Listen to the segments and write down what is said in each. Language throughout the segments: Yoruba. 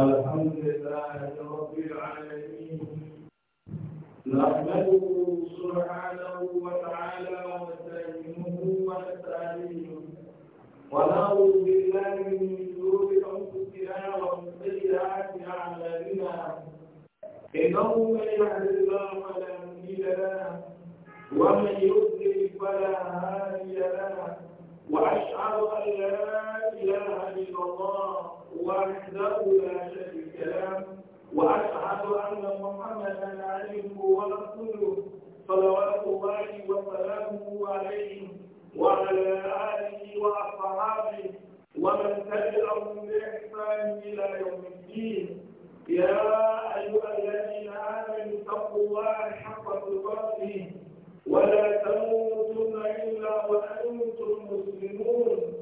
الحمد لله رب العالمين نحمده سبحانه وتعالى ونستعينه ونستعينه ونعوذ بالله من شرور انفسنا ومن سيئات اعمالنا انه من يهد الله فلا مضل له ومن يضلل فلا هادي له واشهد ان لا اله الا الله واحذروا لا شريك له وأشهد أن محمدا عبده ورسوله صلوات الله وسلامه عليه وعلى آله وأصحابه ومن تبعهم بإحسان إلى يوم الدين يا أيها الذين آمنوا اتقوا الله حق تقاته ولا تموتن إلا وأنتم مسلمون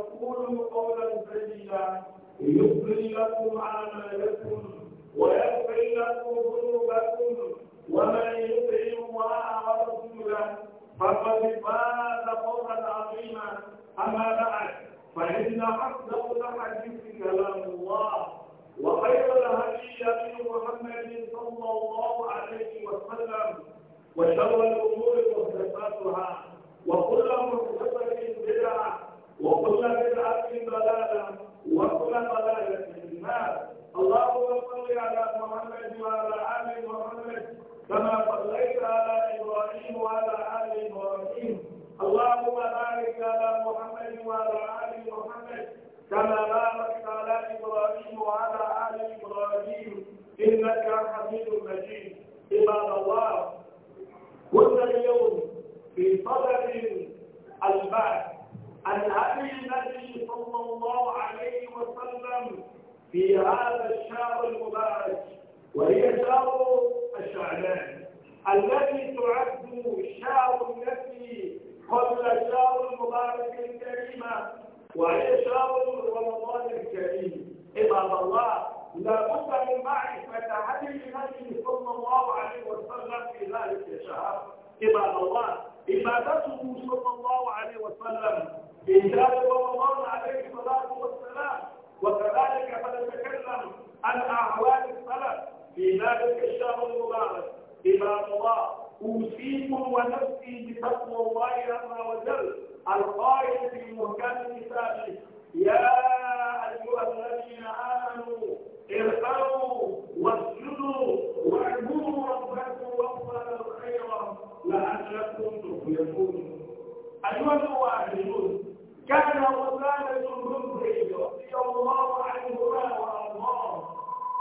لكم أعمالكم ويغفر لكم ذنوبكم ومن يطع الله ورسوله فقد فاز فوزا عظيما أما بعد فإن أصدق الحديث كلام الله وخير الهدي هدي محمد صلى الله عليه وسلم وشر الأمور محدثاتها وكل محدثة بدعة وكل بدعة ضلالة واطلق ليلة النار اللهم صل على محمد وعلى آل محمد كما صليت على إبراهيم وعلى آل إبراهيم اللهم بارك على محمد وعلى آل محمد كما باركت على إبراهيم وعلى آل إبراهيم إنك حميد مجيد عباد الله كنا اليوم في صدر البعث عن هذه النبي صلى الله عليه وسلم في هذا الشهر المبارك وهي شهر الشعبان الذي تعد شهر النبي قبل شهر المبارك الكريمة وهي شهر رمضان الكريم عباد الله لابد من معرفة هدي النبي صلى الله عليه وسلم في ذلك الشهر عباد الله عبادته صلى الله عليه وسلم بإجابة رمضان عليه الصلاة والسلام وكذلك فنتكلم عن أعوان الصلاة في ذلك الشهر المبارك إذا الله أوصيكم ونفسي بتقوى الله عز وجل القائل في محكم كتابه يا أيها الذين آمنوا ارقوا واسجدوا واعبدوا ربكم وافعلوا الخير لعلكم تفلحون أيها الواعدون كان أسامة المصري رضي الله عنهما وأرضاه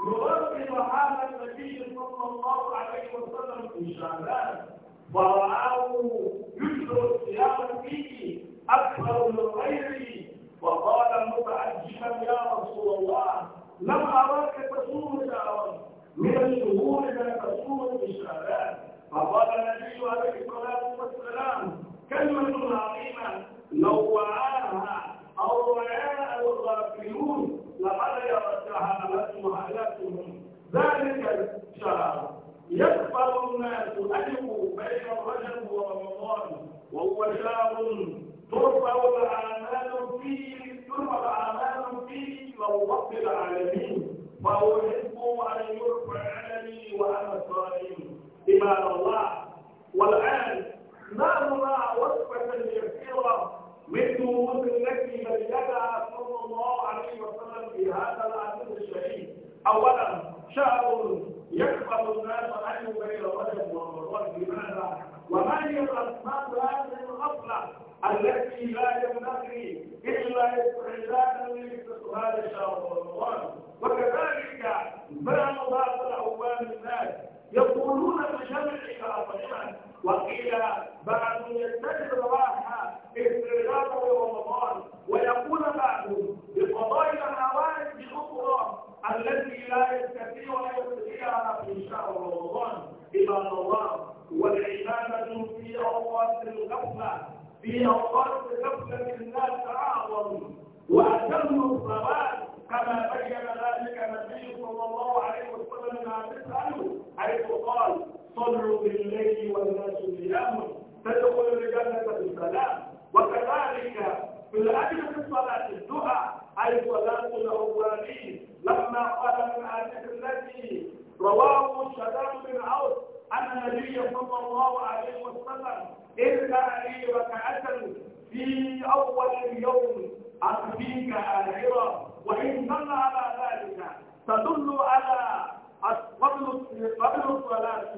يغسل حال النبي صلى الله عليه وسلم في شعبان فرآه يجر الصيام فيه أكثر من غيره وقال متعجبا يا رسول الله لم أراك تصوم شهرا من الشهور لم تصوم في شعبان فقال النبي عليه الصلاة والسلام كلمة عظيمة نوعاها أو رعاها الغافلون لقد يرجعها مهلتهم ذلك الشهر يكبر الناس ألفوا بين الرجل ورمضان وهو شهر ترفع الأعمال فيه ترفع الأعمال فيه لو رب العالمين فأحب أن يرفع علمي وأنا صائم عباد الله والآن نحن مع وصفة يسيرة مثل مثل التي بينها صلى الله عليه وسلم في هذا العدد الشهيد اولا شهر يكبر الناس عنه بين رجب ورجب لماذا وما هي الاسباب هذه الغفله التي لا ينبغي الا استعدادا لاستقبال شهر رمضان وكذلك بان بعض الاوان الناس يقولون بجمع كرامتنا وقيل بعد يتجد رواحة استرداده رمضان ويقول بعدهم بقضاء الأوائل الأخرى التي لا يستطيع أن يستطيعها في شهر رمضان عباد الله والعبادة في أوقات الغفلة في أوقات الغفلة الناس أعظم وأتم الصلاة كما بين ذلك النبي صلى الله عليه وسلم ما تسأله حيث قال صلوا بالليل والناس صيام تدخل الجنة بالسلام وكذلك في الأجل في صلاة الدعاء أي صلاة الأولين لما قال من آية التي رواه شداد بن عوف أن النبي صلى الله عليه وسلم إلا لي ركعة في أول يوم أخفيك آخرة وإن دل على ذلك تدل على قبل قبل الصلاة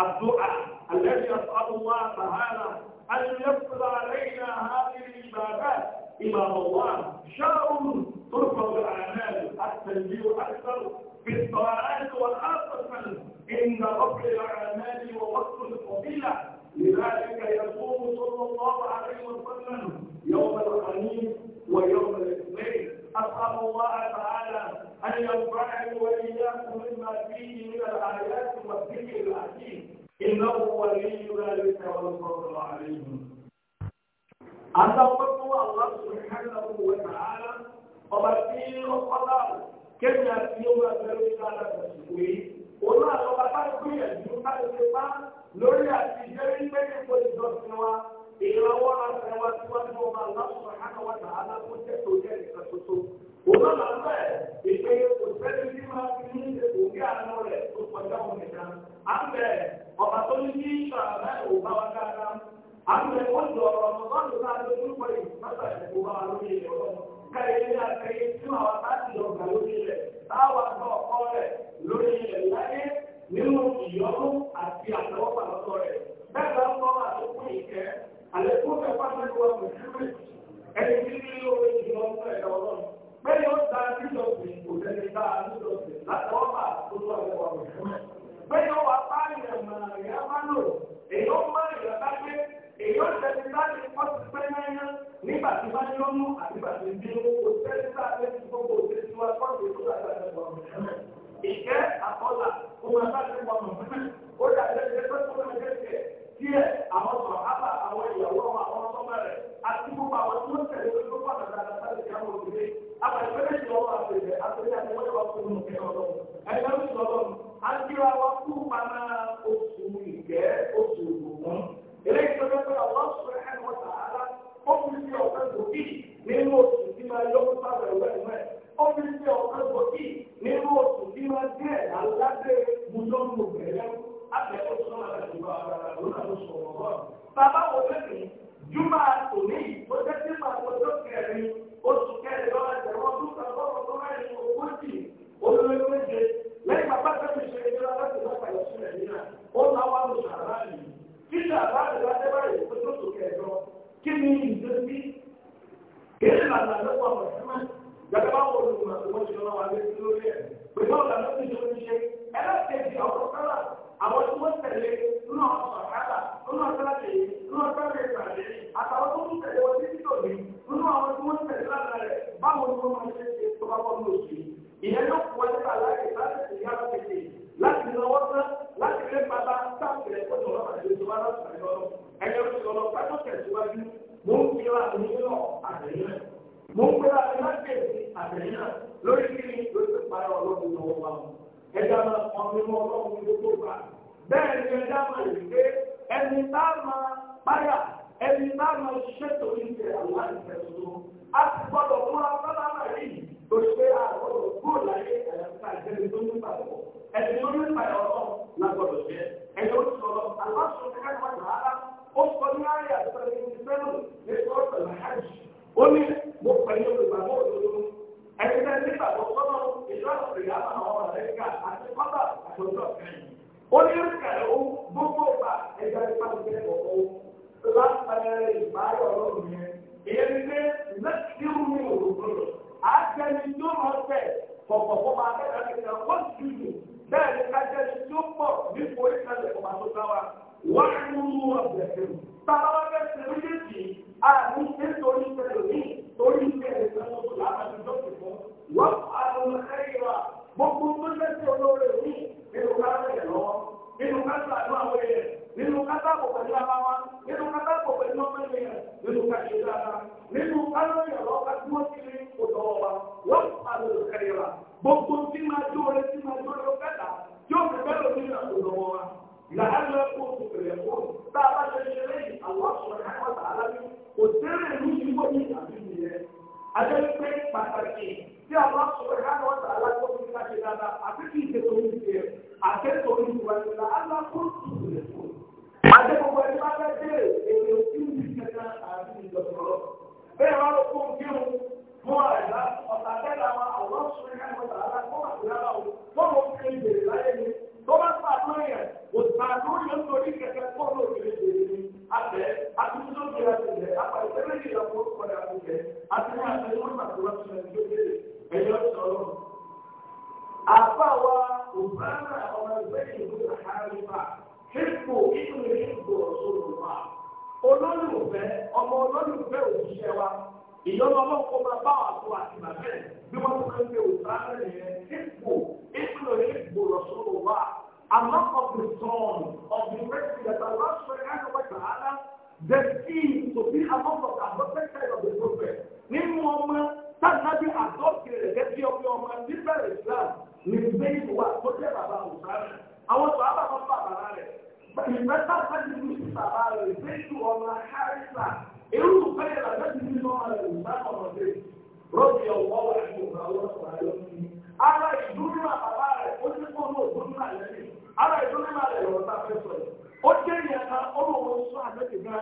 الدعاء الذي يسأل الله تعالى أن يفرض علينا هذه العبادات إمام الله شر ترفع الأعمال التنبيه أكثر في الصلاة والآخرة عند رفع الأعمال ووقت الفضيلة لذلك يقوم صلى الله عليه وسلم يوم الخميس ويوم الاثنين أسأل الله تعالى أن ينفعني وإياكم مما فيه من الآيات والذكر الحكيم إنه ولي ذلك والفضل عليه أتوقف الله سبحانه وتعالى وبرتين القدر كم يأتيهم ذلك على تسويه Olú àtọ́gbà bá gbìyànjú láti ṣe bá lórí àtijọ́ ìgbẹ́ni ìpolítọ́sí wa ìrànwọ́ láti wá síwájú ọba aláṣọ àkàwádà alákòóso tó jẹ́ nìkan ṣoṣo. Òun náà fẹ́ ìpè kò sẹ́ni tí máa fi ní òkè àánú rẹ̀ tó kọjá òun nìkan. À ń bẹ̀ ọ̀pá tó ní ní ìṣà láì ò bá wa dáadáa. À ń bẹ̀ wọ́n jọ ọ̀rọ̀ ọ̀nà tó náà lójú pọ̀ yìí mọ́tà wa lórí ilẹ̀ ọ̀rọ̀. Káyé ní akẹ́yẹ tí màá wá àlékún fẹ́ pàṣẹ tó wà fún ìdílé ẹni tí ní orí ìjọ ń fẹ́ ẹ̀dá ọlọ́run bẹ́ẹ̀ ó da nílò sí òtẹ́lẹ̀ bá a nílò sí láti wọ́n bá tó tó àwọn ọmọ ìfún bẹ́ẹ̀ ó wà bá ilẹ̀ mọ̀ràn ìyá bá lò èyí ó má ìyá bá gbé èyí ó tẹ̀lé bá lè kọ́ sí pé náírà nígbà tí bá yọ mú àti bá ti bí owó tẹ́lẹ̀ bá lè ti gbogbo òtẹ́ tí wọ́n kọ́ sí tó àgbà díẹ̀ àwọn sọ̀hábà àwọn ìyàwó àwọn sọ́mẹ̀rẹ̀ àti gbogbo àwọn tí ó tẹ̀lé lórí gbogbo àgbàdo àgbàdo ìyàwó òdìdé àgbàgbẹ́rẹ́ ìyàwó àgbèrè àgbèrè àti wọ́n yẹ wá fún un kẹ́ ọlọ́run ẹgbẹ́ ń sọ lọ́run àdìrà wa kú paná oṣù ìgbẹ́ oṣù ògùn eléyìí tó fẹ́ pé àwọn sọ̀rọ̀ ẹ̀ wọ́n tààrà ó fi sí ọ̀fẹ́ gòkì nínú oṣù tí máa yọ pípa rẹ̀ wẹ̀ ó fi sí ọ̀fẹ́ gòkì nínú oṣù tí máa jẹ́ àládé mùsọ́nù bẹ̀rẹ̀ akẹ́kọ̀ọ́ tó náà lè lọ àgbàrá lónà tó sọ ọ̀rọ̀ bọ́ọ̀. bàbá wo lẹ́nu júmọ́ àtòmí ó jẹ́ sí màá wọ́n tó kẹrin oṣù kẹrin lọ́wọ́ ẹ̀sẹ̀ wọ́n tó kẹrin lọ́wọ́ tó no, fẹ́ pàṣẹ ọ̀pọ̀ lápẹẹrẹ ìbáyọ̀ ọlọ́run yẹn èyí ni pé lẹ́kìrú ní òdòdó àjẹni tó lọ tẹ̀ pọ̀pọ̀pọ̀ máa kẹ́kẹ́ kẹ́kẹ́ wọ́n ti lù bẹ́ẹ̀ ni kájẹni tó pọ̀ nípò ìkàlẹ̀ ọ̀pá tó dá wa wọ́n mú mú ọ̀bẹ̀ kẹ́rù. táwa wá fẹ́ ṣe méjèèjì a ní ṣe torí ìṣẹ̀lẹ̀ ní torí ìṣẹ̀lẹ̀ ìṣẹ̀lẹ̀ lábàtí lọ́sẹ̀ fún wọ́n àwọn ẹ̀yà gbogbo tó lẹ́sẹ̀ olóore ní nínú káńtà lọ́wọ́ nínú káńtà àdúrà wọ̀nyẹn nínú kátàkò pẹ̀lú ara wa nínú kátàkò pẹ̀lú ọmọ ènìyàn nínú kàṣẹ dáadáa nínú kálọ́yà lọ́ka tí wọ́n ti rí òtọ̀ wa wọ́n àlọ́ kẹrì wa gbogbo tí máa jó rẹ tí máa jó rẹ fẹ́ta yóò fi bẹ́ẹ̀ lómi náà òtọ̀ wa làálẹ̀ kó o tẹ̀lẹ̀ kó tá a bá ṣe ṣe lẹ́yìn àwọn ọ̀sán náà wà á lábẹ́ kò tẹ́lẹ̀ ní ìwọ ní àbí nìyẹn adẹ́gbẹ́ pàtàkì tí àwọn ọ̀sán náà Adébọ̀wọ̀ ẹni bá fẹ́ dé èdè òkú ìlú kẹta àti ìjọsọ̀rọ̀. Bẹ́ẹ̀ wá ló kó kírun fún àìlá ọ̀tà tẹ́lá wa àwọn ọ̀ṣun ẹ̀ka ìwọ̀ta ara kó wà sí ara o. Wọ́n mọ̀ fi ìbèrè láyé ni. Tó bá fà lóyè, òtà lóyè ń torí kẹ̀kẹ́ kọ́ ló kéré kéré ni. Àtẹ, àtúntò kéré àtẹ̀lẹ̀, àpàtẹ́ méjì lọ́kọ́ kọ́dà àtẹ̀lẹ̀, àtẹ̀lẹ̀ àtẹ̀lẹ̀ wọ́n máa tó wá sí ẹ̀yọ́ sọ̀rọ̀. Àbáwa òbára ọmọ ẹgbẹ́ ìlú àhárífà hípò kíkún ní hípò ọ̀ṣọ́rọ̀ wa olólùfẹ́ ọmọ olólùfẹ́ òṣìṣẹ́ wa ìyọ́nà ọlọ́kọ́ máa bá àtọ́ àti bàbẹ́ bí wọ́n máa ń gbé òṣìṣẹ́ yẹn hípò kíkún ní hípò ọ̀ṣọ́rọ̀ wa àmọ́ ọ̀gbìn sọ̀rọ̀ ọ̀gbìn rẹ̀ ti yàtọ̀ lọ́sọ̀rọ̀ destined to be among us at the best side of the prophet. Nínú ọmọ tábìlábí àdọ́kìrẹ̀ gẹ́gẹ́ bí ọmọ ọmọ níbẹ̀rẹ̀ Islam ní Bẹ́ẹ̀ni wà tó jẹ́ bàbá Òsánà àwọn tó bá kọ́ bàbá rẹ̀ ìgbẹ́ta pàdé ní bàbá rẹ̀ ìgbésù ọmọ harisa irú bẹ́ẹ̀ làbẹ́ ti ní ọmọ rẹ̀ ìgbà ọmọdé rọ́bì ọ̀wọ́ wà ní ọ̀gá ọlọ́pàá yọ sí i ara ìdúró bàbá rẹ̀ ó ti kọ́ ní òkú náà lẹ́yìn ara ìdúró rẹ̀ lọ́ta fẹ́ sọ̀rọ̀ ó jẹ́ ìyàtà ọlọ́wọ́ sọ àbẹ́tẹ̀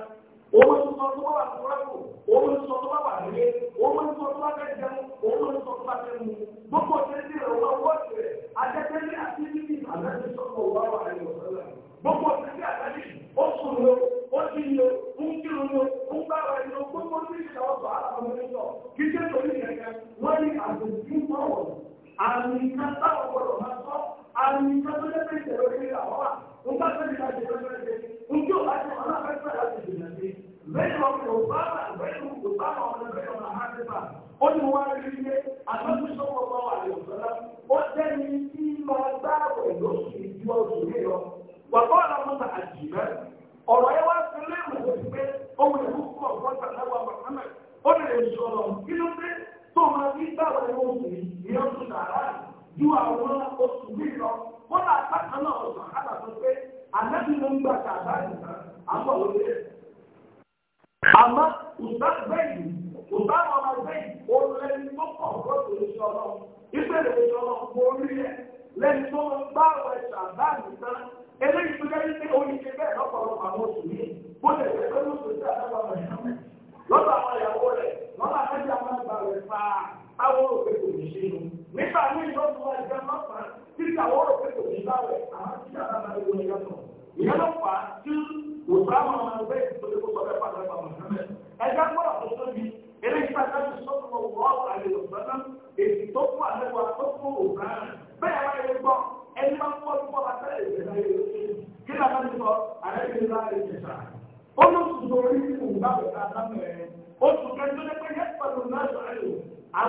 òun ń sọ tó bá wà lóra kù òun ń sọ tó bá wà lóye òun ń sọ tó bá fẹ́ jẹun òun ń sọ tó bá fẹ́ mu gbogbo tẹ́lẹ̀ rẹ̀ wọ́n wọ́ tẹ̀ adẹ́tẹ́lẹ̀ àti bíbí àdájọ́ sọ́kọ̀ wà wà lóye ọ̀sẹ̀ gbogbo tẹ́lẹ̀ àdájọ́ ó sùn lọ ó ti lọ ń kírun lọ ń gbára lọ gbogbo tẹ́lẹ̀ ìṣàwọ̀ sọ àlàfo mi sọ kí ṣe torí kẹ̀kẹ́ wọ́n ní àgbègbè mọ́wọ̀ àmì kan táwọn gbọdọ̀ máa sọ àmì kan tó lẹ́ ó ní wọ́n rí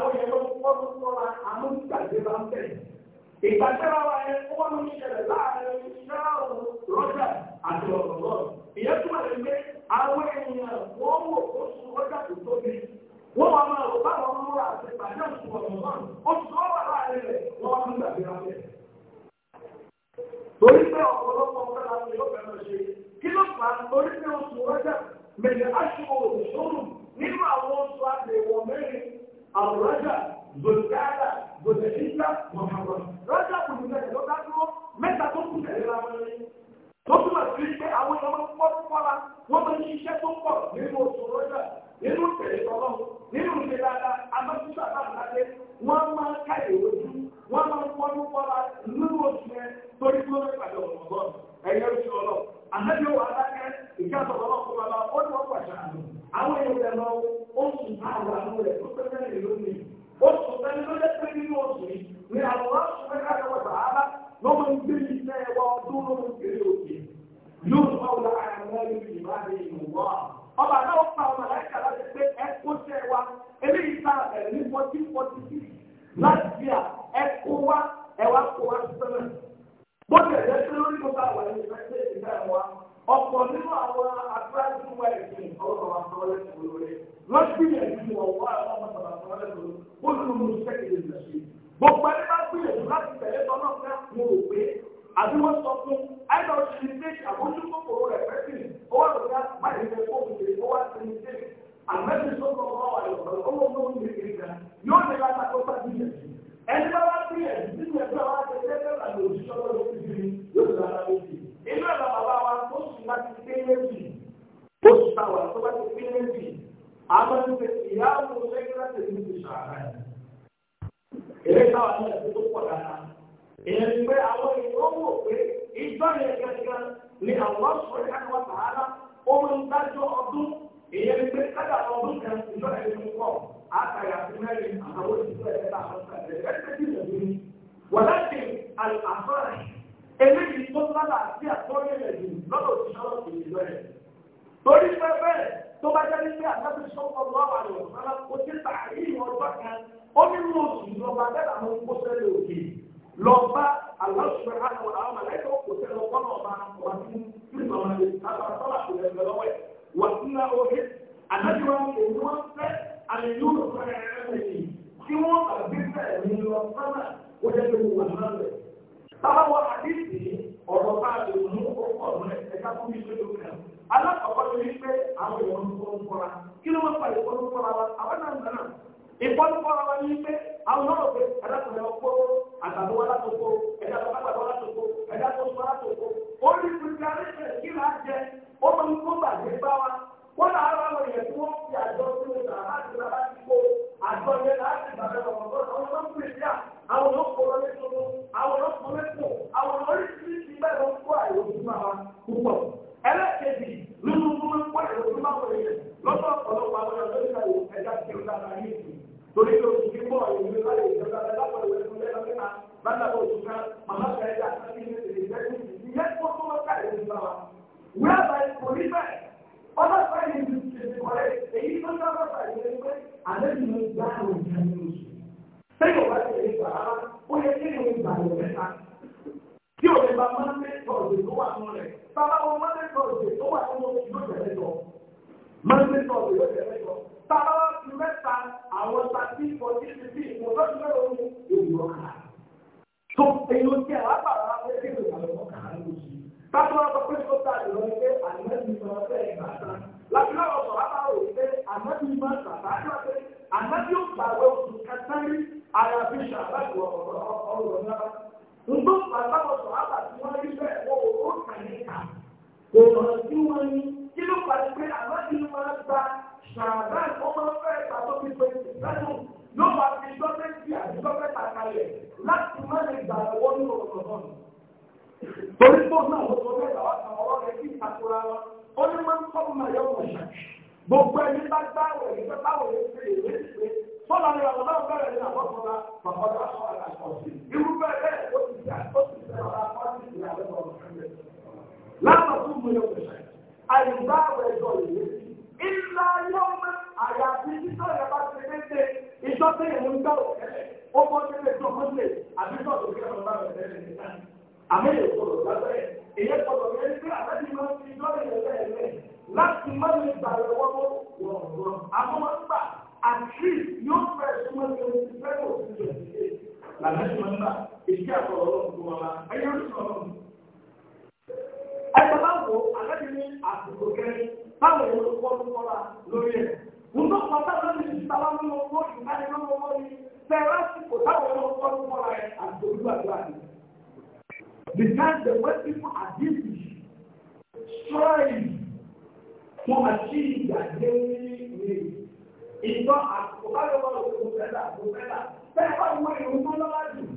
àwọn yẹn ló kọ́ tó sọ́ra àmúgbàgbé bá ń bẹ̀. ìgbàsára wa yẹn ó wọ́n ní ìṣẹ̀lẹ̀ láàrin ṣáàrù rọ́jà àti ọ̀rọ̀ náà. ìyẹn túmọ̀ sí pé àwọn èèyàn wọ́n wò ó sun rọ́jà tó tóbi. wọ́n wá máa rò báwọn ń múra àti ìpàdé àti ọ̀rọ̀ náà. ó sọ wà láàrin rẹ̀ wọ́n wá ń gbàgbé bá bẹ̀. torí pé ọ̀pọ̀lọpọ̀ ọ̀pẹ́ nínú àwọn oṣù àgbèwọ̀ mẹ́rin àwòránṣà gbòdìgáàdà gbòdìgíńtà mọ̀hàmọ̀ rọ́ṣà gbòdìgíńtà ló bá dúró mẹ́ta tó kù tẹ̀lé ra wọn ní. tó túmọ̀ sí pé àwọn ọmọ pọ́ pọ́ra wọ́n máa ń ṣiṣẹ́ tó pọ̀ nínú oṣù rọ́ṣà nínú tẹ̀lé tọ́lọ́ nínú ìṣe dáadáa amọ́túnṣe àbámúládé wọ́n máa ń ká èrò ojú wọ́n máa ń pọ́nú pọ́ra nínú oṣù yẹn torí tó lọ́ àmẹ́bí wà láyé ìjà sọ̀rọ̀ fún bàbá ó ní wọ́n pàṣẹ àná àwọn èèyàn lọ ó sùn àwọn àwọn rẹ̀ tó pẹ́ mẹ́rin lónìí ó sùn mẹ́rin ló lé pé nínú oṣù yìí ní àwọn wá sùn mẹ́rin láti wọ́n sàárà ló máa ń gbé iṣẹ́ ẹwà ọdún ló máa ń gbé òkè yóò sọ wọn lára wọn ní ìbáde ìmùwọ́ ọba náà pa ọmọ aláìka láti pé ẹkọ ṣẹ wa eléyìí tá a bẹ̀rẹ̀ ní fourteen forty six láti bíà ẹkọ wa ẹwà kọ wa sẹ́mẹ̀ bó tẹ̀lé lórí gbogbo àwọn ẹ̀rọ ìfẹ́ ọ̀pọ̀ nínú àwọn àtúrájú wa ẹ̀sìn ọlọ́run àwọn ọlẹ́sìn olóore wọ́n gbìyànjú ọ̀wọ́ àwọn ọmọ bàbá àwọn ọlẹ́sìn olóore ó ní mo sẹ́kẹ̀lẹ̀ lọ sí. gbogbo ẹni bá gbìyànjú láti tẹ̀lé tọ́nà ká mo rò pé àbí wọ́n sọ fún ẹ̀dá oṣù ní ṣe àbójú kòkòrò rẹ̀ pẹ́sìn ó wà lóga báyìí ní ẹ̀kọ́ òṣèlú ó wà sí ní ṣe àmẹ́sìn sọ́kọ̀ọ́ fẹ́ kí láti ìlú ti ṣàrà ẹ̀. Èrè táwa ní ẹ̀sìn tó pọ̀ dáadáa. Èèyàn ti pé àwọn èèyàn wò pé ìjọ yẹn gẹ́gẹ́ ni àwọn sọ̀rọ̀ yẹn wọ́n tààrà. Ó máa ń dájọ́ ọdún. Èèyàn ti pé kájà ọdún kan ìjọ yẹn ti kọ̀. Àtàyà ti mẹ́rin àtàwọn ìjọ yẹn bá àwọn sàlẹ̀ wàláṣẹ àlàfáà torí pẹ́pẹ́ tó bá jẹ́ nígbà láti sọ́kọ̀ lọ́wọ́ àlọ́ ọ̀sán ó ti tààrí ọjọ́ kan ó ní mú oṣù lọ́ba bẹ́ẹ̀ àwọn kó sẹ́lẹ̀ òkè lọ́ba aláṣùwẹ̀ àwọn àwọn màláìkà kò sẹ́lẹ̀ ọ̀pọ̀nà ọba wà fún nígbà wọn lè àtàtàlà kò lẹ́gbẹ̀ lọ́wọ́ ẹ̀ wà fún náà oge àdájọ́ wọn kò ní wọ́n fẹ́ àmì yóò sọ ẹ̀rẹ́mẹ̀sì tí wọ́n àgbẹ̀ bẹ́ẹ̀ ní lọ sọ́nà ó jẹ́ pé wọ́n náà lẹ̀ táwọn àdéhìí ọ̀rọ̀ bá a lè mú ó pọ̀ mọ́ ẹ̀ wa kí ló máa fa ìfọdúnkọ́ra wa àwọn náà nana ìfọdúnkọ́ra wa ní pé àwọn náà pé ẹ̀dàkùnrin ọkọ àgbàdo wa látòkó ẹ̀dàkùnrin àgbàdo wa látòkó ẹ̀dàkùnrin wa látòkó orí ìpínlẹ̀ àríṣẹ́ kí ti sọ ọ̀sẹ̀ ìgbà tán. Láti láwọn sọ̀rọ̀ á máa rò pé ànábì máa ń sàbá náà pé ànábì ó gbà wẹ oṣù kẹtẹ́rì ara fi ṣàbájú ọ̀rọ̀ ọ̀rọ̀ náà. Ngbó pàtàkọ̀ sọ̀rọ̀ àbà tí wọ́n rí bẹ́ẹ̀ wọ́n ò kàn ní kà. Kò mọ̀ sí wọn ni kí ló parí pé ànábì máa gba ṣàbá ọmọ fẹ́ pàtó fi pé ìgbàdùn ló máa fi dọ́kẹ́tì àti dọ́kẹ́tà kalẹ̀ láti má lè gbà wọ́n ní ọ̀rọ̀ náà. Torí pé ó náà lọ́sọ̀rọ̀ mẹ́ta wá ó ní máa ń kọ́ máa yọ wọ̀ ṣá gbogbo ẹni bá gbá wẹ̀ ní pé báwo ló fi èwe ṣe sọ́la ni àwọn náà bẹ̀rẹ̀ ní àwọn ọ̀gá bàbá àwọn àkọsí irúfẹ́ bẹ́ẹ̀ ó ti ṣe àkọsí ṣe àwọn akọ́sí ìlà lọ́wọ́ ọ̀sẹ̀ lánàá tó mú yọ wọ̀ ṣá àyùbá wẹ̀ jọ ìwé ìlà yọ̀ọ́mọ́ àyàfi títọ́ yẹn bá ti dé ìjọ́sẹ̀ ìmúgbà òkè ó bọ́ sílẹ̀ tó mọ́lẹ̀ àbí àmẹ́lẹ̀ ìgbọ̀dọ̀ lábẹ́rẹ́ èyẹ gbọ́dọ̀ yẹn ní pé àtàkì máa ń fi lọ́rẹ̀ lẹ́lẹ́ rẹ̀ láti má lè gbà rẹ̀ wọ́pọ̀ wọ̀ọ̀rọ̀ àmọ́mọ́gbà àti yóò fẹ́ súnmọ́ sí omi ti fẹ́ kò sí ìjọ ìdílé làmẹ́lẹ̀ máa ń bà èyí àkọ̀rọ̀ ọlọ́run tó wọn bá ẹyẹ ń sọ ọlọ́run. ẹgbẹ́ báwo àtàkì ní àsìkò kẹrin báwo ni olùkọ́ ló kọ́ la lórí ẹ̀ ǹdọ́ pátá lórí ìtawá nínú owó ìdánilọ́wọ́ ni fẹ́ẹ́ lásìkò táwọn olùkọ́ ló kọ́ Because the way people are busy striving to achieve their daily needs, it's not as Obama was a professor, professor. That's why we don't know what to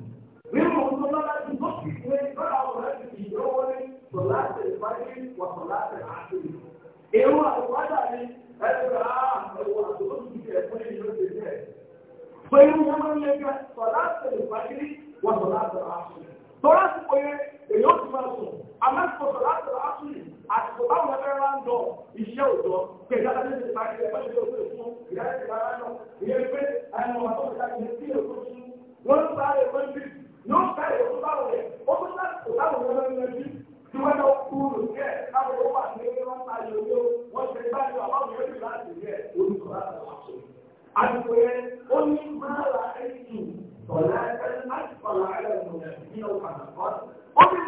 We don't know what to do. Not people who got our right to be going the last and fighting for the last and afternoon. Èrò àtúwádà ni ẹgbẹ̀rẹ̀ àwọn àtúwádà tó ti ṣe ẹ̀fọ́ ìlú ti bẹ̀rẹ̀. Pẹ̀lú wọn máa ń lẹ́gbẹ̀ẹ́ for last and ah, fighting for the last and afternoon tọ́lá ti pé èyí ó ti máa sùn amẹ́sìkòtò láti rà áṣùlì àsìkò báwọn ẹgbẹ́ rán ń dọ̀ iṣẹ́ òjò pé ìdájọ́ ní ti parí ẹgbẹ́ ìjọ òfin fún ìdájọ́ ti rárá náà ìyẹn pé ẹnu ọ̀nà tó ti dájú sí èkó fún wọn ń sáré ẹgbẹ́ ń bí yóò sáré èkó báwọn rẹ̀ ó tún sáré báwọn ẹgbẹ́ ń bí tí wọ́n lọ kú lùkẹ́ láwọn ó wà ní ẹgbẹ́ wọn sáré owó wọ́n ti báyìí wà báwọn yóò ti láti rẹ̀ orúkọ láti rà áṣùlì àdìpọ̀ yẹn ó ní máa ra ẹ̀sìn ó ní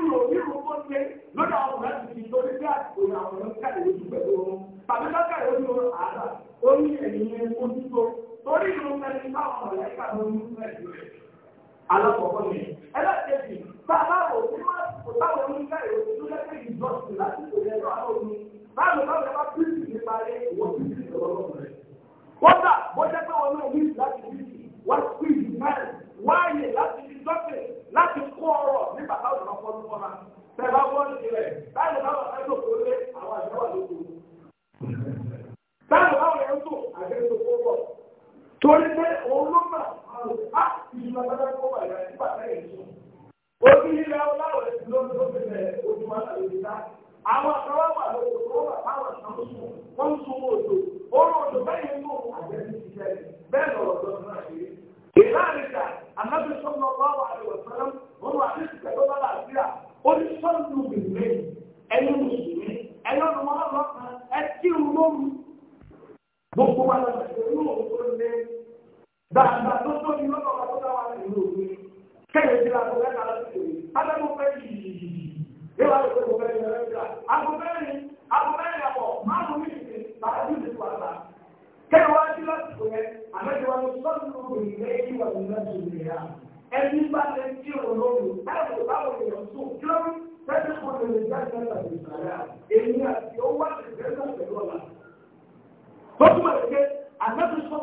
mi ò ní ìrúkọ ṣe lórí àwọn ọ̀rẹ́ tuntun torí bí àsìkò yẹn àwọn ọ̀rẹ́ káyọ̀ ojú pẹ̀lú oorun tàbí lọ́kàyọ̀ ojú oorun àádọ́ ó ní ẹ̀yìn yẹn ojú tó torí ìlú mẹ́rin báwọn ọ̀rẹ́ kà ló ń mú ẹ̀jú rẹ̀ alákọ̀ọ́kọ́ mi ẹlẹ́kẹ̀ẹ́jì bàbá ò ní má kò táwọn oníkàyọ̀ ojú tó lẹ́kẹ̀ yìí jọ́sìn lásìkò yẹn lọ́wọ́ àwọn omi báwo báwo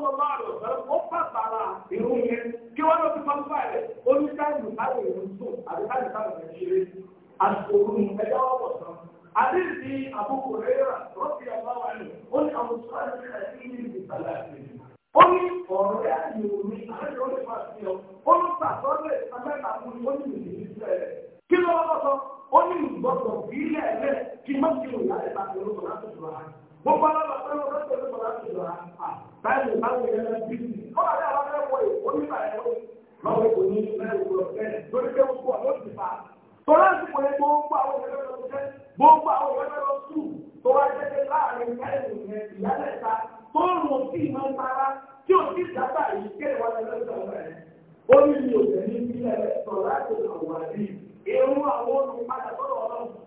sọ bá rẹ̀ ọ̀sẹ̀ ó pàtàkì ìrú yẹn kí wọ́n lọ sí pàmpá rẹ̀ ó ní káàdì káàdì ìrú sùn àti káàdì káàdì rẹ̀ ṣeré àsìkò òru ẹjọ́ ọ̀pọ̀ sàn. Àdéhìí àbúkù rẹ̀ rà rọ́bì àbáwá ni ó ní àwọn sọ́ọ̀lù rẹ̀ sí ní ìgbàlá àti ó ní ọ̀rọ̀ rẹ̀ àti omi àrẹ́jọ́ lè máa fi ọ ó bí ilẹ̀ ẹ̀lẹ́ kí mọ́kìlù láì bá ti lóko láti sọ̀rọ̀ àti gbogbo alábàápẹ́ ló fẹ́ tẹ̀lé bọ̀dá ti lọ́ra báyìí báwo yẹn lọ bí mi kọ́lá bí àwọn akẹ́kọ̀ọ́ wọ̀ yìí onígbà yẹn lọ lọ́wọ́ èkó ní mẹ́rin kúrò bẹ́ẹ̀ lórí pé gbogbo àwọn ti fa tọ́lá ti pọ̀ yẹn gbogbo àwọn yẹn lọ sẹ́ gbogbo àwọn yẹn lọ sù tó wá jẹ́ pé láàrin mẹ́rin yẹn ìyálẹ̀ta tó rùn sí ìmọ̀ ntara tí ò sí ìdábà yìí kéde wá lọ́sọ̀rọ̀ rẹ̀ ó ní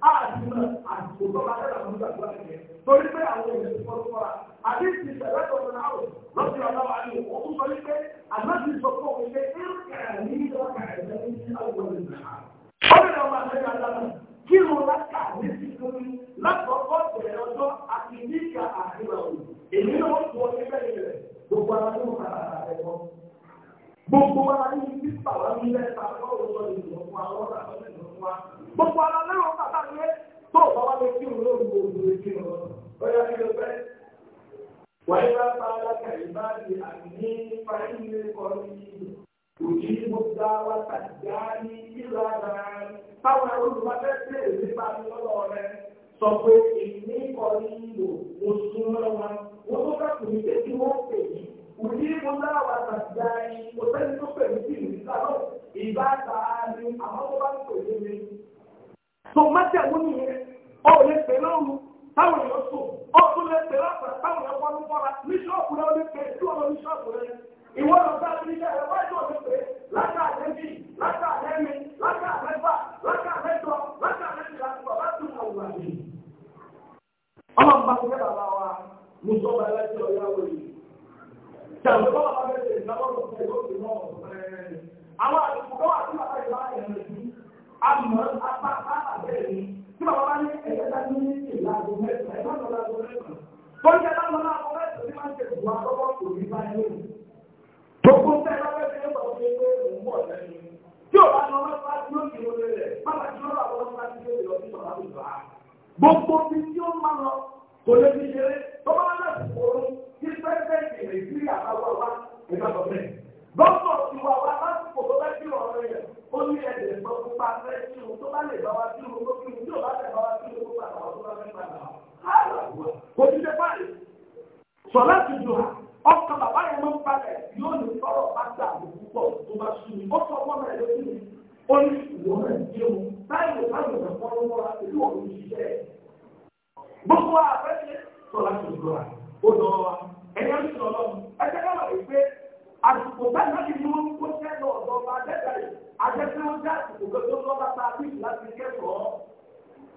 àdìmọ̀ àdìmọ̀ bàbá dára mú gbàgbọ́ ẹ̀jẹ̀ torí pé àwọn èèyàn ti fọ́nù fọ́ra àbí ti sẹ̀rẹ́ tó fún àwọn lọ́sọ̀rọ̀ aláwọ̀ àti òkú sọ wípé àgbàtì sọ fún òun pé ẹ kẹrẹ ní ìdọ́kà ẹ̀jẹ̀ ní ti àwọn ènìyàn. ó lè lọ́wọ́ àgbẹ̀yà dáná kí ló lákà ní ti fún mi lákọ̀ọ́kọ́ bẹ̀rẹ̀ ọjọ́ àti níkà àfihàn òun èmi náà wọ́n tún ọdún bẹ́ẹ̀ rẹ̀ gbogbo ara ní òkà àtàkọ́ gbogbo ara ní pípa wà ní ilẹ̀ ìpàkọ́ òun sọ ìdùnnú fún wa lọ́sàkọ́ ìdùnnú fún wa sọ pé àmọ́ apá apá bẹ́ẹ̀ ni tí bàbá bá ní ẹ̀jẹ̀ tá ní ní ìlàgò mẹ́sàn-án ẹ̀ má lọ lágò mẹ́sàn-án tó ń jẹ́ lágò lágò mẹ́sàn-án tí máa ń tẹ̀sí wa lọ́wọ́ kò ní bá yé mi. tó kún tẹ́ ẹ bá fẹ́ fi ń bọ̀ fún ẹgbẹ́ òun bọ̀ lẹ́nu tí ò bá lọ lọ́pàá tí ó ti wọlé rẹ̀ má bàa tí ó lọ́pàá lọ́pàá tí ó lọ sí ọ̀la tó bá. gbogbo bí tí ó máa lọ kò lè fi ṣeré tó bá lọ́pàá bá lè bá wa sí owó tó kí ní ọba lè bá wa sí owó padà ọdún wa mẹ́ta náà á là wá. kò ní ṣe báyìí sọlá ti jù hà ọkọ bàbá yẹn máa ń balẹ̀ yóò ní sọ̀rọ̀ bá gbà tó bá sùn ní. ó ọmọ rẹ̀ lójú mi ó ní ìwọ rẹ̀ jẹun táyọ̀ táyọ̀ rẹ̀ fọ́ lọ́wọ́ ra pẹ̀lú ọ̀rọ̀ ìṣiṣẹ́ gbogbo àfẹ́ sọlá ti jù hà ó lọ wa ẹ̀yẹ́ ń sọ̀rọ̀ ẹ̀jẹ̀ náà wà wípé àsìkò bẹ́ẹ̀ náà ti ní wọ́n kó sẹ́yìn ọ̀dọ́ ọba adẹ́gbẹ̀rẹ̀ Ajẹ́sí wọn já ìkòkò tó lọ́ba ta bí láti kẹ́kọ̀ọ́.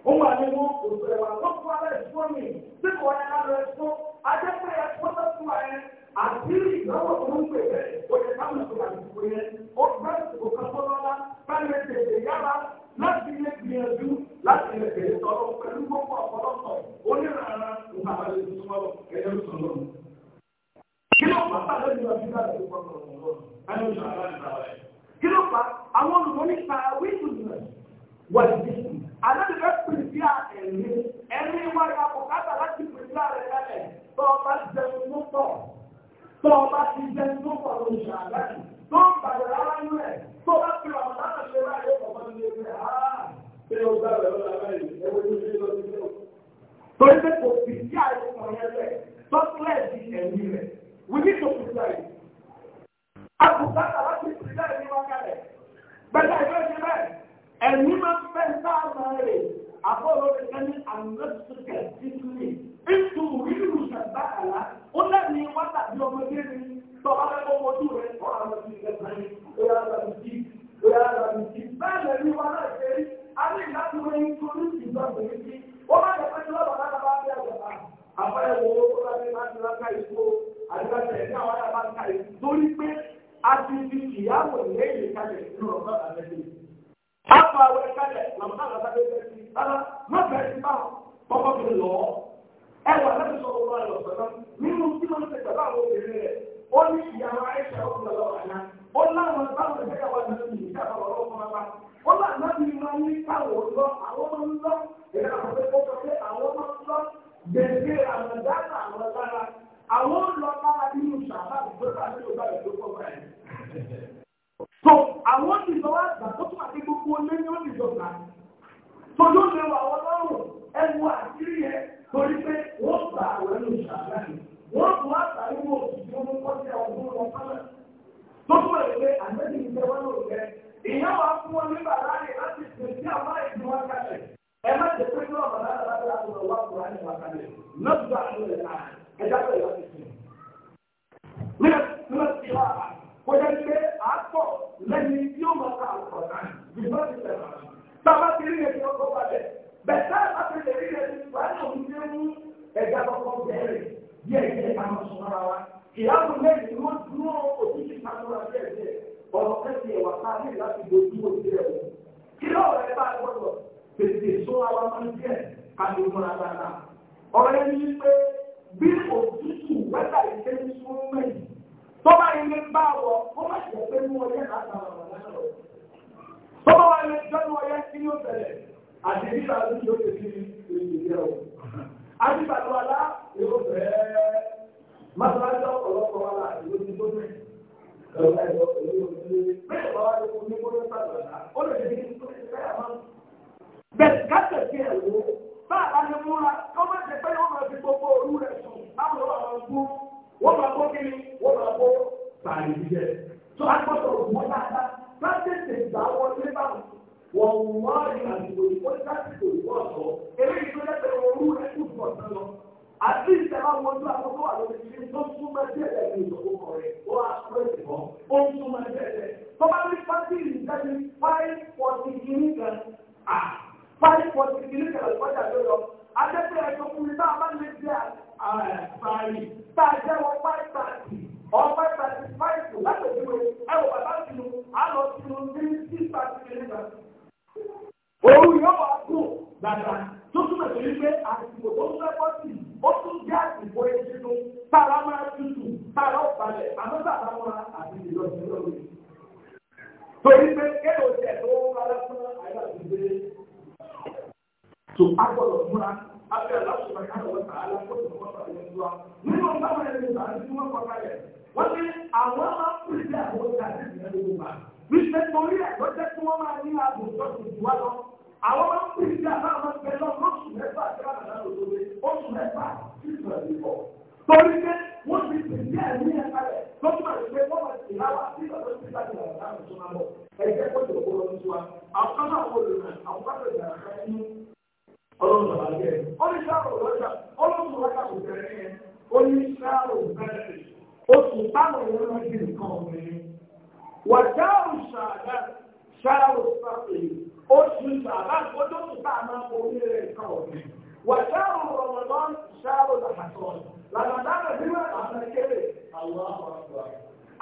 Wọ́n wà nínú òṣù ẹ̀wà wọ́n fún abẹ́ ẹ̀fọ́ mi tí kò wáyé lábẹ́ ẹ̀fọ́. Ajẹ́sí ẹ̀fọ́ tó fún wa yẹn àti ìnáwó tó ń pè bẹ́ẹ̀ ó yẹ ká mọ̀ tó wà nìkú yẹn. Ó fẹ́ ìkòkò tó lọ́la bẹ́ẹ̀ tètè yára láti lè gbìyànjú láti lè tètè tọrọ pẹ̀lú gbogbo ọ̀pọ̀lọpọ̀ onírànà ìhàbàlẹ̀ ìtumọ̀ ẹ̀yẹ́ What wọ́n bá náà ní máa ń ní káwọn lọ àwọn ń lọ ìyá àwọn tó mọ́tàlájọ́ ọ̀pọ̀lọpọ̀ wa là ìwé ní gbọ́dọ̀ ẹ̀rọ ẹ̀rọ ìwé òṣèlú bẹ́ẹ̀ bá wà lóko ní gbọ́dọ̀ sàgbàlá ó lè ṣe kí tó ṣe fẹ́yà máa. bẹ́ẹ̀ káṣẹ̀ sí ẹ̀ wò bá a bá ní múra kọ́ má ṣe pé wọ́n máa fi gbogbo olú rẹ̀ sùn láwọn ọ̀rọ̀ àwọn gbó wọ́n máa kó kí ni wọ́n máa kó sàlì jíjẹ ní àbùkọ́ tó ti wá lọ. Àwọn máa ń pè sí àbá àwọn ọmọdé lọ mẹ́fà tí wọ́n bàbá lòdò lé oṣù mẹ́fà tí ìtura ti bọ̀. Torí pé wọ́n ti pè sí ẹ̀mí ẹ̀ kalẹ̀ tó túmọ̀ sí pé wọ́n máa ti láwá sí ìgbà ti láti rà tó máa bọ̀. Ẹ̀jẹ̀ kó tó kó lọ sí wa. Àwọn kan máa wọlé náà, àwọn kan lè gbà fẹ́ inú ọlọ́run ọlọ́run lọ́jà ṣáàrò sáfì oṣù bàbá àgbọ́dọ̀ tó bá máa ń borí rẹ̀ kan ọ̀gbìn wà ṣáàrò rọmọdán ṣáàrò làkàtọ̀ làkàtà rẹ̀ bí wọ́n àwọn kéré àwọn ọ̀gbìn.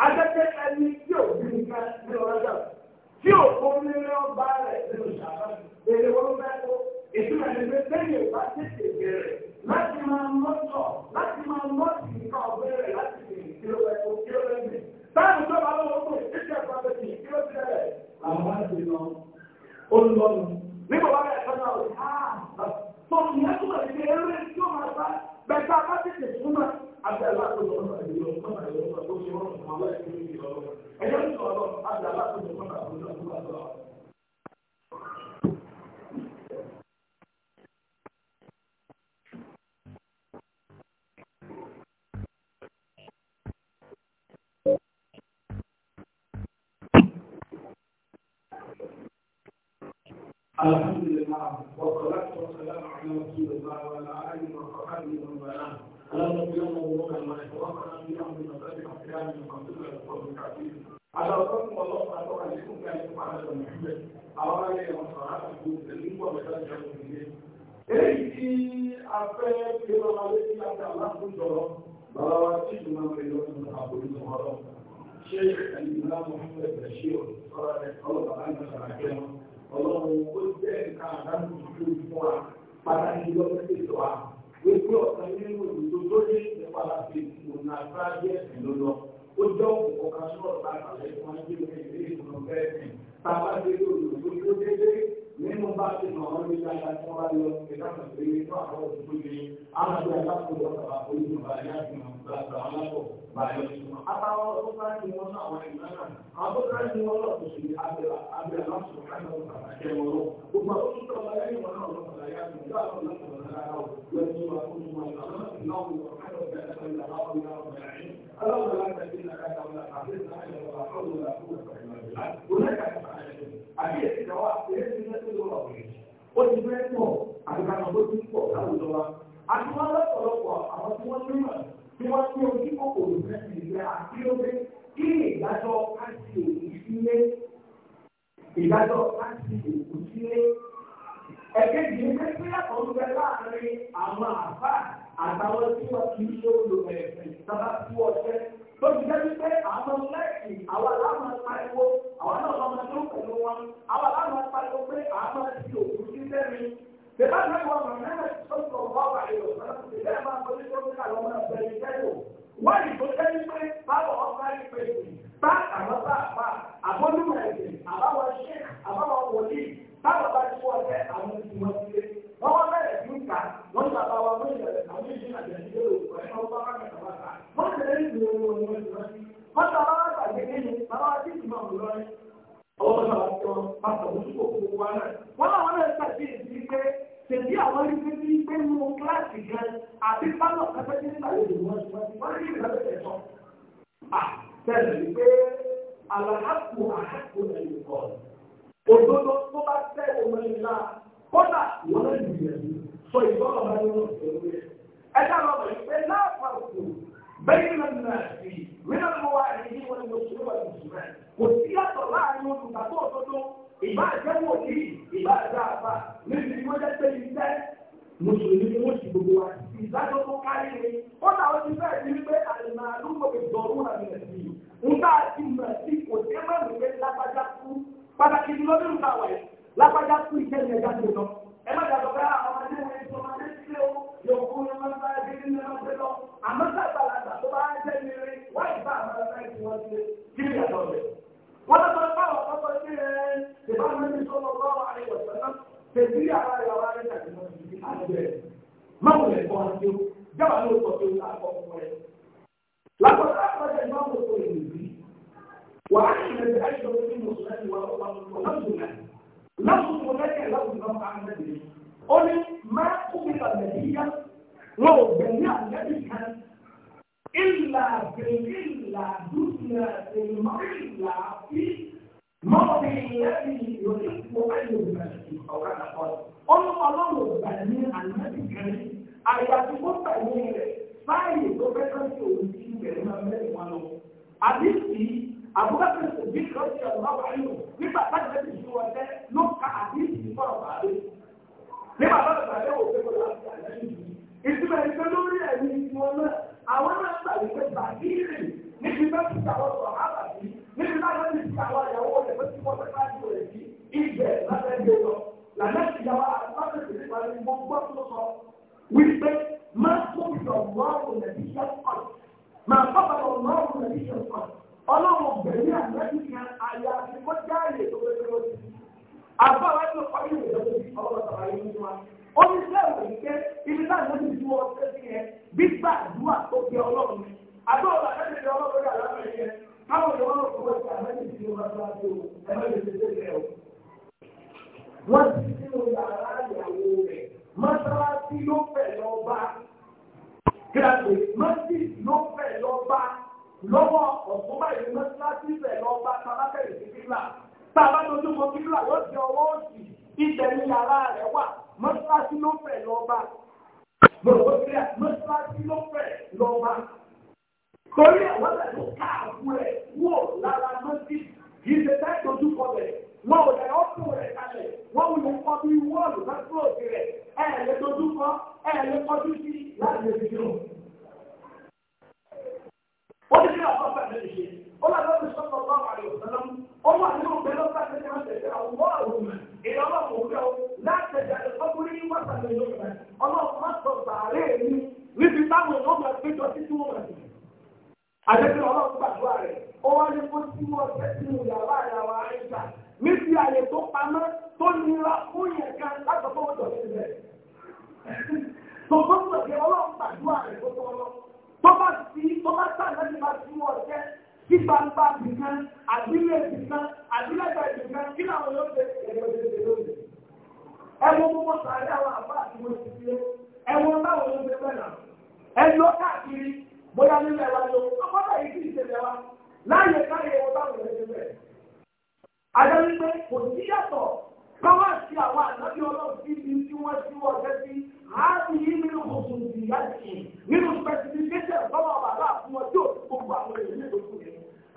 Adẹ́kẹ́ ẹni tí ò bí nǹkan ní ọ̀rọ̀dà tí ò borí rẹ̀ ọba rẹ̀ nínú ṣàbá èrè wọn fẹ́ kó ìtumọ̀ ẹni pé bẹ́ẹ̀ni ò bá tètè bẹ̀rẹ̀ láti máa mọ́tọ̀ láti máa mọ́tì nǹkan ọ̀gbìn rẹ̀ láti táàmù tó bá lọ́wọ́ pé ìṣẹ́ pàtàkì kí ló ti rẹ̀ àwọn wá sí lọ ó ń lọ nù nígbà wà bẹ̀rẹ̀ fẹ́ náà rẹ̀ á tó ìyẹn túmọ̀ sí pé eré tí ó máa bá bẹ̀ta bá tètè súnmọ́ àti alákòóso ọ̀nà ìlú ọ̀nà ìlú ọ̀nà tó ṣe wọ́n mọ̀ الحمد لله والصلاة والسلام على رسول الله وعلى آله وصحبه ومن والاه اللهم اغفر لنا ذنوبنا وإسرافنا في أمرنا وسائر أحيانا وقتلنا القول العزيز على رسول الله صلى الله عليه وسلم كان يسمع على محمد أولا وصحابته سليم ومساجد المسلمين èyí tí a fẹ́ pé ọmọ lé sí àti aláàbùjọ bàbá wa tí ìgbìmọ̀ pé lọ́dún àbòrúkọ ọlọ́run ṣé ìgbìmọ̀ mọ́hàmmed bashir ọ̀rọ̀ rẹ̀ ọlọ́pàá láti ṣàlàyé wọn pàtàkì lọ sí ètò wa wípé ọ̀sán nínú òdòdó tó lé nípa láti ìmọ̀nà àgbáyé ẹ̀sìn ló lọ ó jọ òkùnkùn kan sọ̀rọ̀ láti àlẹ́ fún ẹgbẹ́ ìwé ìwé ìwé ìwé ìwé láti mọ̀ wọ́n ní ṣáṣá tí wọ́n bá lọ ìdáhùn sí inú àwọn òṣùpù ní àwọn àti alákòóso ọ̀sán àforíjì báyìí láti mọ̀ gbàgbà àwọn alákọ̀ báyìí. Àtàwọn ọdún bá ti wọ́n náà wọ́n ìgbà náà. Àwọn tó dájú wọn lọ sí ṣe abẹ́rẹ́ abẹ́rẹ́ aláṣọ káyọ̀ ọ̀sán àti ẹ̀wọ̀n lọ. Gbogbo àwọn tó tọ́ láyé wọn náà lọ́sàn láyé àti ìgbà àwọn lọ́sàn lára ọ̀ lọ́sàn wọn fún wọn àwọn ìlànà ìwọ̀n ولكن ó ti fẹ́ pọ̀ àti kàtàkó ti pọ̀ láwùjọ wa àti wọn lọ́pọ̀lọpọ̀ ọ̀rọ̀ máa wà nínú nígbà táyà lẹ́sìn ìṣú wọn jẹ́ ló ka àdéhùn ìfọ̀rọ̀ bàálé nígbà táyà bàálé wò pé kò láti àdéhùn yìí ìtumọ̀ ìfẹ́ lórí ẹ̀mí wọn náà àwọn náà gbà wípé bàbíìrì níbi bá ti ta ọ̀rọ̀ àbà sí níbi bá ti ta àwọn ìyàwó rẹ̀ pé tí wọ́n fẹ́ ká jù rẹ̀ sí ibẹ̀ lálẹ́ gbé lọ lálẹ́ ìyàwó àtúntò ìpàdé gbogbo tó sọ wípé má tóbi lọ mọ́ ọ̀rùn nàìjíríà kan má tọ́ba lọ mọ́ ọ̀rùn nàìjíríà kan ọlọ́run gbẹ̀mí àgbẹ̀bí kan àyà àti kọjá àyè tó fẹ́ lọ sí. Àbáwá ní ọkọ̀ yìí lọ sí ọlọ́run tàbá yìí nínú wa. Ó ní sẹ́ ìwé yìí pé ibi náà ló ti ju ọtẹ́ sí yẹn gbígbà àdúrà tó fi ọlọ́run ni. Àbáwá làbẹ́ni ni ọlọ́run lórí àlámọ̀ yẹn. Káwọn ìjọba náà fọwọ́ sí àbẹ́ni tí ó bá tó àti o, ẹ má lè ṣe délé o. Wọ́n ti sínú yàrá ìyàwó rẹ̀. Mọ́sálásí ló fẹ̀ lọ bá. Kíláàsì, mọ́sí ló fẹ̀ lọ bá lọ́wọ́ ọ̀gbọ́n báyìí mọ́sálásí ibẹ̀ lọ bá tabakẹ́rì sí kíkìlà tá a bá dojú kọ kíkìlà yóò di ọwọ́ òsì ibẹ̀ ní yàrá rẹ̀ wà mọ́sálásí ló fẹ̀ lọ bá mọ́sálásí ló fẹ̀ lọ bá torí ẹ̀ wọ́n bẹ̀ ló ká àbú rẹ̀ wò lára mọ́sí kì í ṣe tẹ́ dojú kọ rẹ̀ wọ́n ò lẹ̀ ọ́pù rẹ̀ kalẹ̀ wọ́n ò lè kọ́ bí wọ́ọ̀lù lásìkò rẹ̀ ẹ̀ lè dojú kọ ẹ̀ lè kọjú sí láti lè fi àbẹ́rẹ́ ṣe ó lọ lọ́dún sọ́kọ̀ ọgbà àrẹ òsàlám ó wà nínú ọgbẹ́ lọ́gbà tẹ́lẹ̀ máa tẹ̀lé àwọn ọmọ àrùn èèyàn ọlọ́run òwúrẹ́ o láti ẹ̀jẹ̀ àdìsọ́kùnrin ní wàtàlẹ̀ lórí ọlọ́run má sọ sàárè mi níbi táwọn èèyàn máa péjọ títí wọn rẹ̀ àdẹ́sẹ̀ ọlọ́run gbàdúrà rẹ̀ ó wá ní kó tí wọ́n fẹ́ tó pamọ́ tó tọ́ba sí tọ́ba sá láti máa sí wọ́n jẹ́ kí gbangba nìkan àdílé nìkan àdílé bẹ̀rẹ̀ nìkan kí làwọn yóò ṣe èrò ìṣèlú lónìí. ẹ̀wọ̀n mọ́mọ́ sàárẹ̀ àwọn àbá àti ti ẹ̀wọ̀n ṣe bẹ̀rẹ̀ káàkiri bóyá nílẹ̀ wa ló yìí kì í ṣe lẹ́wà láàyè káwá sí àwọn ànábì ọlọ́run bíbí tí wọ́n ti wọ́n jẹ́ sí ààbí yìí nínú kòkò ìyá sí nínú specification bọ́lá bàbá fún wọn tó gbogbo àwọn èèyàn ní ìlú rẹ̀.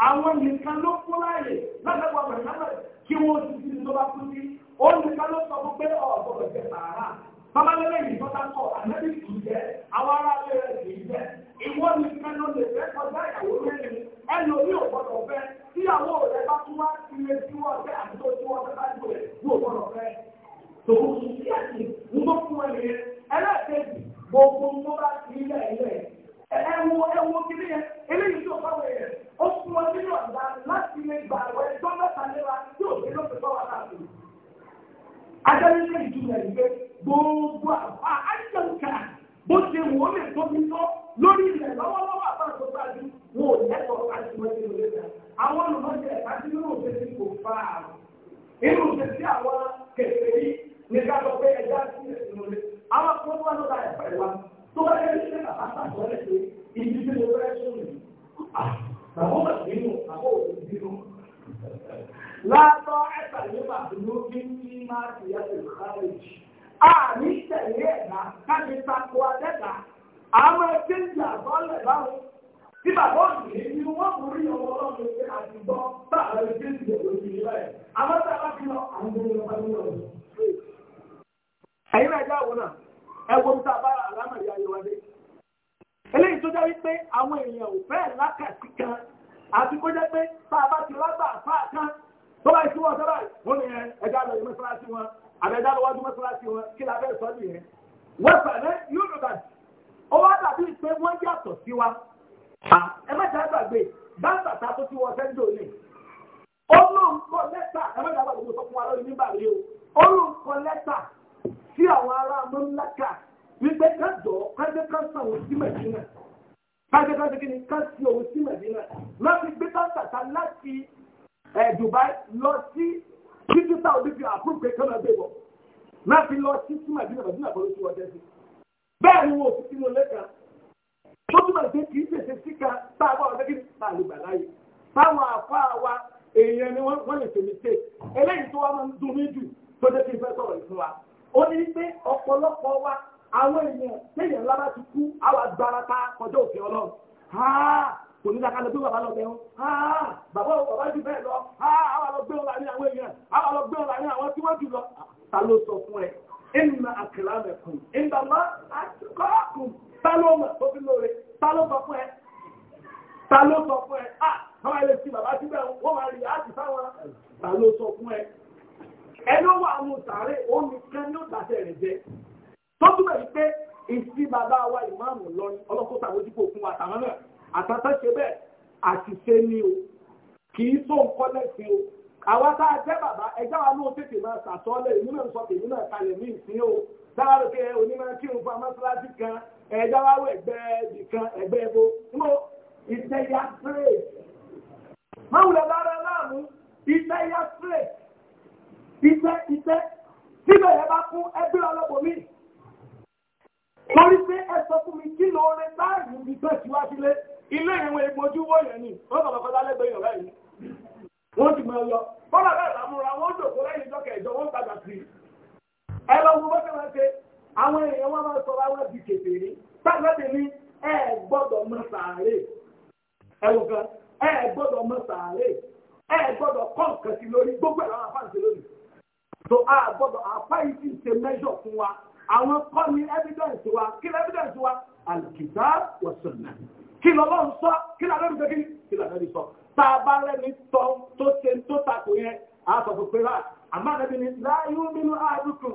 àwọn nìkan ló kún láàyè lọ́sẹ̀kọ̀ mẹ̀tẹ́mẹ̀ kí wọ́n ti fi ìjọba kú sí ó nìkan ló sọ fún pé ọ̀gbọ̀dọ̀ jẹ sàárà bàbá lẹ́lẹ́ yìí bọ́tà kọ̀ ànábì kì í jẹ́ àwọn ará bẹ̀rẹ̀ kì í jẹ́ ìwọ nìkan ló lè fẹ́ kọjá ìyàwó lẹ́yìn ẹni orí ògbọ́dọ̀ fẹ́ tí àwọn òrẹ́ bá tún wá sílé tí wọ́n fẹ́ àti Então, yàtọ̀ sí wa. Ah. ẹ má ṣe àgbàgbé dáńtà ta tó ti wọ sẹ́ńdò ni. olóhùn kọ lẹ́tà ẹ má ṣe àgbàgbé mo sọ fún wa lórí nígbà rí o. olóhùn kọ lẹ́tà sí àwọn ará mọ́ńláka wípé ká jọ kájé ká sàn òun sí mẹ̀dínà. kájé ká ṣe kí ni ká sí òun sí mẹ̀dínà. láti gbé dáńtà ta láti Dubai lọ sí títí táwọn bí fi àpò pé kọ́nà gbé wọ̀ láti lọ sí sí mẹ̀dínà mẹ̀dínà kọ́ ló ti wọ bẹ́ẹ̀ ni wọn ò fi sínú ó túmọ̀ sí kì í ṣèṣe síka bá a bá wọn lẹ́kìn bá a lè gbà láàyè báwọn àfa wa èèyàn ni wọ́n lè tèmi tè eléyìí tó wá máa ń dùn mí jù tó dé kí n fẹ́ sọ̀rọ̀ ìfún wa ó ní pé ọ̀pọ̀lọpọ̀ wa àwọn èèyàn téèyàn ńlá bá ti kú àwọn agbára ta kọjá òfin ọlọ́run kò ní dáká lọ bí bàbá lọ bẹ̀ wọn. bàbá o bàbá jù bẹ́ẹ̀ lọ àwa lọ gbé wọn láàrin àwọn èèyàn àwa lọ gbé wọn láàrin àwọn tí wọ́n jù lọ. ta ló sọ fún ẹ ẹnu àkàlà mẹkùn ìgbàgbọ́ àtúkọ́ ọkùn ta ló mọ̀ tó fi lóore ta ló ah àwọn ilé tí bàbá síbẹ̀ wọ́n máa rí láti fáwọn ta ló sọ fún ẹ ẹni ó wà àwọn sàárè omi kan ní òtàtẹ rẹ jẹ tó túbọ̀ yìí pé ìsí bàbá wa ìmáàmù lọ ní ọlọ́kọ́ta ojúkò fún wa àtàwọn náà àtàtà ṣe bẹ́ẹ̀ àṣìṣe ni o kì í tó nǹkan lẹ́sìn o àwa tá a jẹ́ bàbá ẹgbẹ́ wa náà tètè máa ṣàtọ́lẹ̀ ìmúnà sọ tèmi náà kalẹ̀ ní ìsín o dáhàrò pé onímọ̀ kí n fa mọ́ṣáláṣí kan ẹ̀dá wá wọ ẹgbẹ́ nìkan ẹgbẹ́ ẹbọ mo iṣẹ́ ya straight máwùlẹ̀ lára láàmú iṣẹ́ ya straight iṣẹ́ iṣẹ́ síbẹ̀ yẹn bá fún ẹgbẹ́ ọlọ́pọ̀ mi lórí pé ẹ sọ fún mi kí lóore báyìí ibi tó ti wá sílé ilé ìwé ìgbójú wọ̀nyẹn ni wọ́n bàbá kọ́lá lẹ́gbẹ̀ẹ́ yọ̀rá yìí wọ́n ti mọ̀ lọ bọ́lá bẹ́ẹ̀ làmúra wọ́n dòkó àwọn èèyàn wọn máa sọ̀rọ̀ àwọn di kèfèrí tágbàdì ní ẹ gbọ́dọ̀ mọ sàárè ẹ̀wọ̀n kan ẹ gbọ́dọ̀ mọ sàárè ẹ gbọ́dọ̀ kọ́ nǹkan sí lórí gbogbo ẹ̀ láwọn afáǹsẹ̀ lórí so a gbọ́dọ̀ apá yìí ti ṣe mẹ́jọ̀ fún wa àwọn kọ́ ní evidence wa kí ni evidence wa al-kitab wa sunnah kí lọ́lọ́run sọ kí lọ́lọ́run sọ kí lọ́lọ́run sọ tá a bá lẹ́ni tọ́ tó ṣe tó takò yẹn a sọ fún pé rà àmọ́ àdàbí ni láyé ó nínú àdúkùn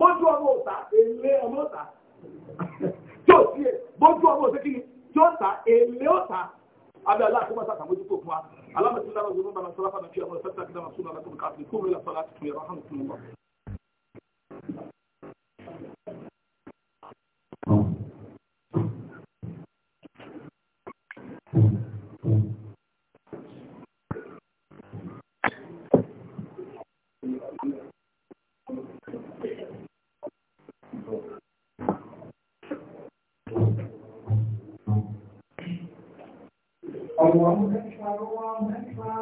bójú ọmọ òta èlé ọmọ òta tí ó sí ẹ e, bójú ọmọ òta kí ni tí ó ta èlé òta abẹ́ aláàkúmọ̀ sáà kàmójú tó fún wa alámọ̀tí lára òun náà sọ́lá fàmì kí ọmọ ìfẹ́ sàkídà màsúlù alákùnrin káàkiri kúrò lọ́sọ̀lá tuntun yẹn Allah.